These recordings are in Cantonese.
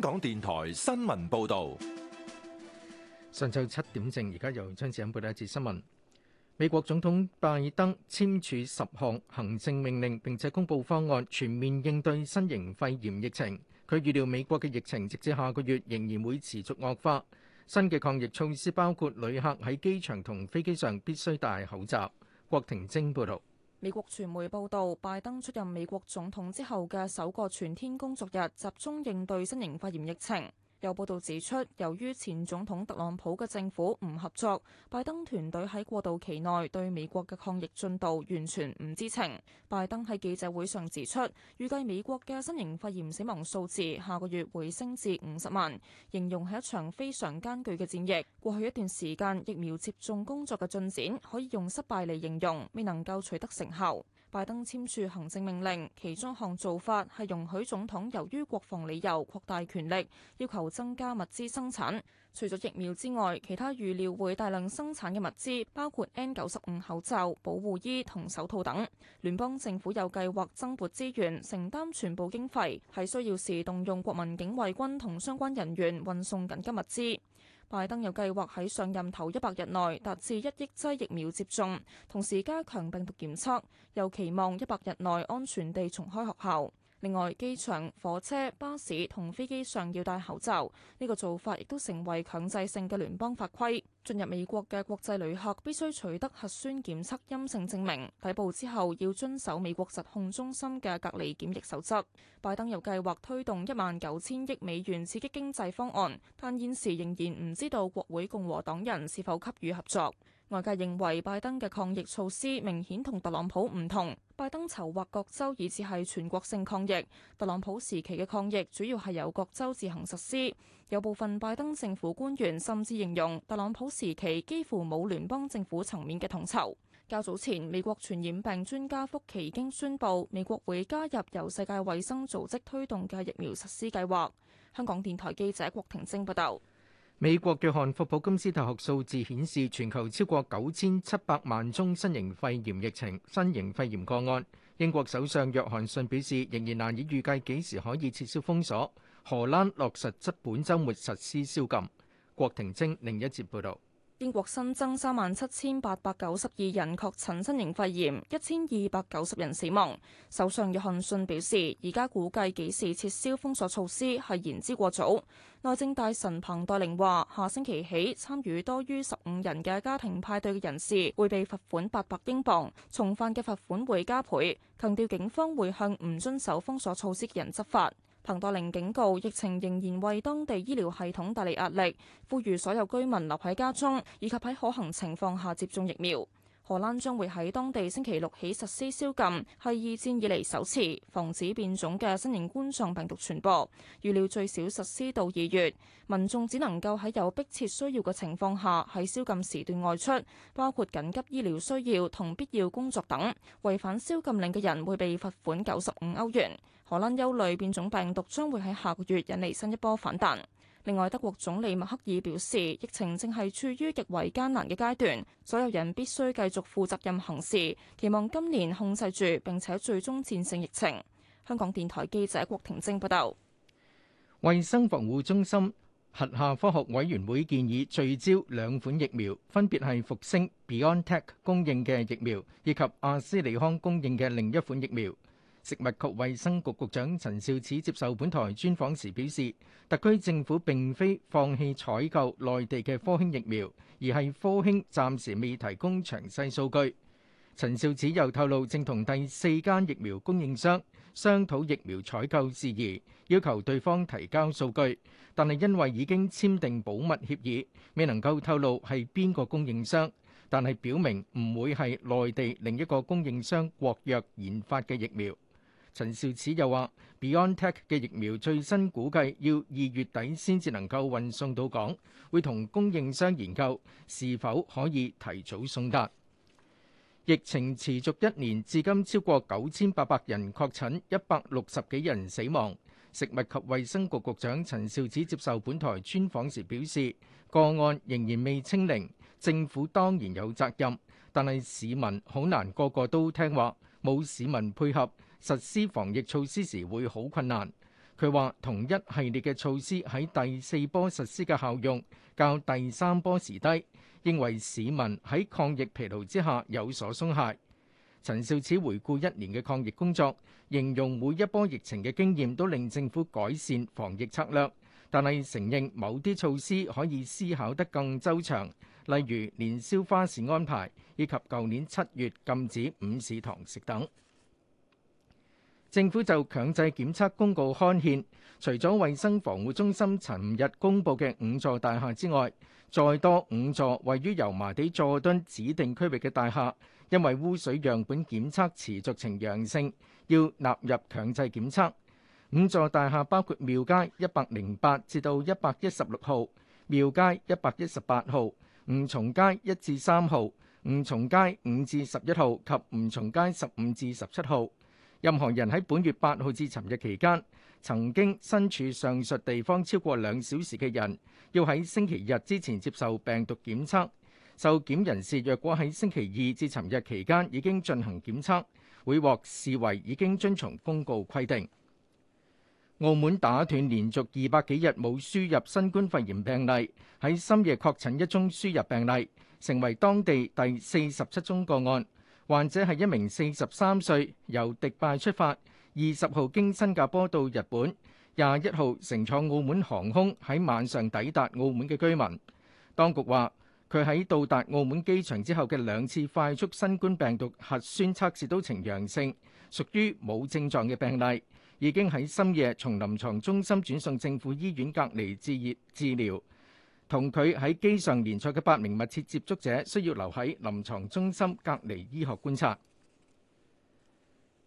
香港電台新聞報道：上晝七點正，而家由張子欣報道一節新聞。美國總統拜登簽署十項行政命令，並且公布方案，全面應對新型肺炎疫情。佢預料美國嘅疫情直至下個月仍然會持續惡化。新嘅抗疫措施包括旅客喺機場同飛機上必須戴口罩。郭婷晶報道。美國傳媒報導，拜登出任美國總統之後嘅首個全天工作日，集中應對新型肺炎疫情。有報道指出，由於前總統特朗普嘅政府唔合作，拜登團隊喺過渡期內對美國嘅抗疫進度完全唔知情。拜登喺記者會上指出，預計美國嘅新型肺炎死亡數字下個月會升至五十萬，形容係一場非常艱巨嘅戰役。過去一段時間，疫苗接種工作嘅進展可以用失敗嚟形容，未能夠取得成效。拜登簽署行政命令，其中一項做法係容許總統由於國防理由擴大權力，要求增加物資生產。除咗疫苗之外，其他預料會大量生產嘅物資，包括 N 九十五口罩、保護衣同手套等。聯邦政府有計劃增撥資源，承擔全部經費，係需要時動用國民警衛軍同相關人員運送緊急物資。拜登又計劃喺上任頭一百日內達至一億劑疫苗接種，同時加強病毒檢測，又期望一百日內安全地重開學校。另外，機場、火車、巴士同飛機上要戴口罩，呢個做法亦都成為強制性嘅聯邦法規。進入美國嘅國際旅客必須取得核酸檢測陰性證明，抵埗之後要遵守美國疾控中心嘅隔離檢疫守則。拜登又計劃推動一萬九千億美元刺激經濟方案，但現時仍然唔知道國會共和黨人是否給予合作。外界認為拜登嘅抗疫措施明顯同特朗普唔同。拜登籌劃各州以至係全國性抗疫，特朗普時期嘅抗疫主要係由各州自行實施。有部分拜登政府官員甚至形容特朗普時期幾乎冇聯邦政府層面嘅統籌。較早前，美國傳染病專家福奇已經宣布美國會加入由世界衛生組織推動嘅疫苗實施計劃。香港電台記者郭婷晶報道。美國嘅約翰霍普金斯大學數字顯示，全球超過九千七百萬宗新型肺炎疫情、新型肺炎個案。英國首相約翰遜表示，仍然難以預計幾時可以撤銷封鎖。荷蘭落實則本週末實施宵禁。郭庭晶另一節報導。英國新增三萬七千八百九十二人確診新型肺炎，一千二百九十人死亡。首相約翰遜表示，而家估計幾時撤銷封鎖措施係言之過早。內政大臣彭黛玲話，下星期起參與多於十五人嘅家庭派對嘅人士會被罰款八百英鎊，重犯嘅罰款會加倍，強調警方會向唔遵守封鎖措施嘅人執法。彭德玲警告，疫情仍然為當地醫療系統帶嚟壓力，呼籲所有居民留喺家中，以及喺可行情況下接種疫苗。荷蘭將會喺當地星期六起實施宵禁，係二戰以嚟首次防止變種嘅新型冠狀病毒傳播。預料最少實施到二月，民眾只能夠喺有迫切需要嘅情況下喺宵禁時段外出，包括緊急醫療需要同必要工作等。違反宵禁令嘅人會被罰款九十五歐元。荷蘭憂慮變種病毒將會喺下個月引嚟新一波反彈。另外，德國總理默克爾表示，疫情正係處於極為艱難嘅階段，所有人必須繼續負責任行事，期望今年控制住，並且最終戰勝疫情。香港電台記者郭婷晶報道。衛生防護中心轄下科學委員會建議聚焦兩款疫苗，分別係復星 Biontech 供應嘅疫苗，以及阿斯利康供應嘅另一款疫苗。食物及衛生局局長陳肇始接受本台專訪時表示，特區政府並非放棄採購內地嘅科興疫苗，而係科興暫時未提供詳細數據。陳肇始又透露，正同第四間疫苗供應商商討疫苗採購事宜，要求對方提交數據，但係因為已經簽訂保密協議，未能夠透露係邊個供應商。但係表明唔會係內地另一個供應商國藥研發嘅疫苗。陳肇始又話：BioNTech 嘅疫苗最新估計要二月底先至能夠運送到港，會同供應商研究是否可以提早送達。疫情持續一年，至今超過九千八百人確診，一百六十幾人死亡。食物及衛生局局長陳肇始接受本台專訪時表示，個案仍然未清零，政府當然有責任，但係市民好難個個都聽話，冇市民配合。實施防疫措施時會好困難。佢話同一系列嘅措施喺第四波實施嘅效用較第三波時低，認為市民喺抗疫疲勞之下有所鬆懈。陳肇始回顧一年嘅抗疫工作，形容每一波疫情嘅經驗都令政府改善防疫策略，但係承認某啲措施可以思考得更周詳，例如年宵花市安排以及舊年七月禁止午市堂食等。政府就強制檢測公告刊憲，除咗衛生防護中心尋日公布嘅五座大廈之外，再多五座位於油麻地佐敦指定區域嘅大廈，因為污水樣本檢測持續呈陽性，要納入強制檢測。五座大廈包括廟街一百零八至到一百一十六號、廟街一百一十八號、吳松街一至三號、吳松街五至十一號及吳松街十五至十七號。任何人喺本月八號至尋日期間曾經身處上述地方超過兩小時嘅人，要喺星期日之前接受病毒檢測。受檢人士若果喺星期二至尋日期間已經進行檢測，會獲視為已經遵從公告規定。澳門打斷連續二百幾日冇輸入新冠肺炎病例，喺深夜確診一宗輸入病例，成為當地第四十七宗個案。患者係一名四十三歲，由迪拜出發，二十號經新加坡到日本，廿一號乘坐澳門航空喺晚上抵達澳門嘅居民。當局話佢喺到達澳門機場之後嘅兩次快速新冠病毒核酸測試都呈陽性，屬於冇症狀嘅病例，已經喺深夜從臨床中心轉送政府醫院隔離治療治療。同佢喺機上鄰座嘅八名密切接觸者需要留喺臨牀中心隔離醫學觀察。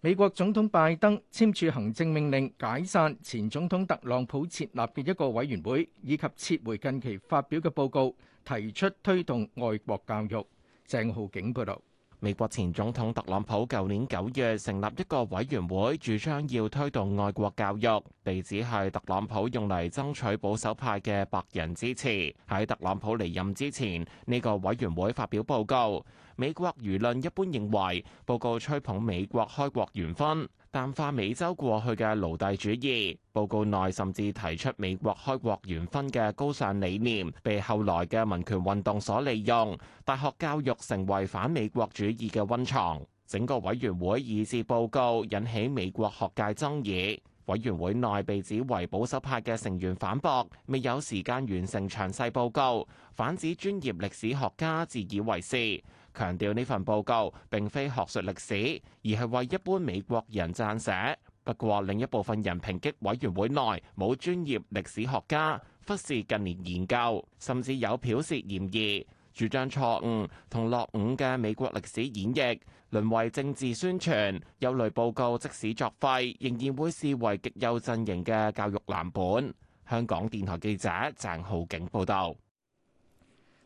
美國總統拜登簽署行政命令解散前總統特朗普設立嘅一個委員會，以及撤回近期發表嘅報告，提出推動外國教育。鄭浩景報導。美國前總統特朗普舊年九月成立一個委員會，主張要推動愛國教育，被指係特朗普用嚟爭取保守派嘅白人支持。喺特朗普離任之前，呢、這個委員會發表報告，美國輿論一般認為報告吹捧美國開國元勳。淡化美洲過去嘅奴隸主義，報告內甚至提出美國開國元勳嘅高尚理念被後來嘅民權運動所利用，大學教育成為反美國主義嘅温床。整個委員會以致報告引起美國學界爭議，委員會內被指為保守派嘅成員反駁，未有時間完成詳細報告，反指專業歷史學家自以為是。強調呢份報告並非學術歷史，而係為一般美國人撰寫。不過另一部分人抨擊委員會內冇專業歷史學家，忽視近年研究，甚至有剽竊嫌疑，主張錯誤同落伍嘅美國歷史演繹淪為政治宣傳。有慮報告即使作廢，仍然會視為極右陣營嘅教育藍本。香港電台記者鄭浩景報道。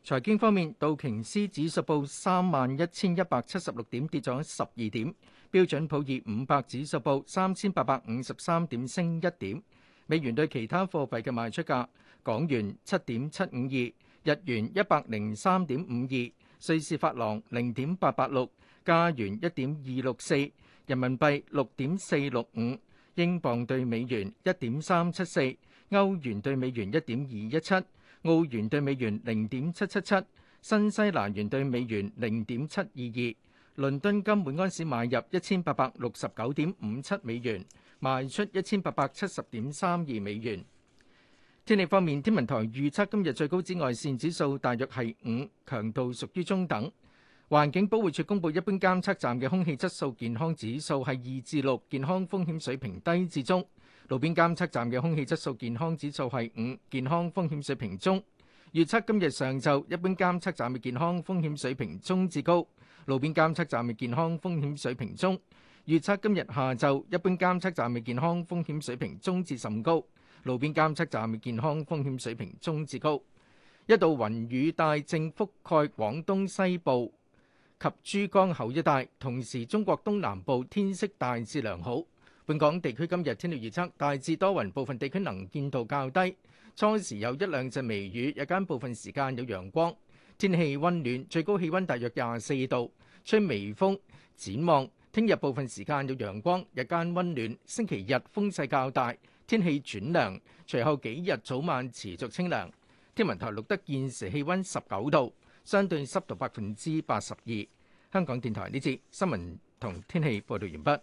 財經方面，道瓊斯指數報三萬一千一百七十六點，跌咗十二點。標準普爾五百指數報三千八百五十三點，升一點。美元對其他貨幣嘅賣出價：港元七點七五二，日元一百零三點五二，瑞士法郎零點八八六，加元一點二六四，人民幣六點四六五，英鎊對美元一點三七四，歐元對美元一點二一七。澳元兌美元零點七七七，新西蘭元兌美元零點七二二，倫敦金每安士買入一千八百六十九點五七美元，賣出一千八百七十點三二美元。天氣方面，天文台預測今日最高紫外線指數大約係五，強度屬於中等。環境保護署公布一般監測站嘅空氣質素健康指數係二至六，健康風險水平低至中；路邊監測站嘅空氣質素健康指數係五，健康風險水平中。預測今日上晝一般監測站嘅健康風險水平中至高，路邊監測站嘅健康風險水平中。預測今日下晝一般監測站嘅健康風險水平中至甚高，路邊監測站嘅健康風險水平中至高。一道雲雨帶正覆蓋廣東西部。及珠江口一帶，同時中國東南部天色大致良好。本港地區今日天氣預測大致多雲，部分地區能見度較低，初時有一兩陣微雨，日間部分時間有陽光，天氣溫暖，最高氣溫大約廿四度，吹微風。展望聽日部分時間有陽光，日間溫暖。星期日風勢較大，天氣轉涼，隨後幾日早晚持續清涼。天文台錄得現時氣溫十九度。相對濕度百分之八十二。香港電台呢節新聞同天氣報道完畢。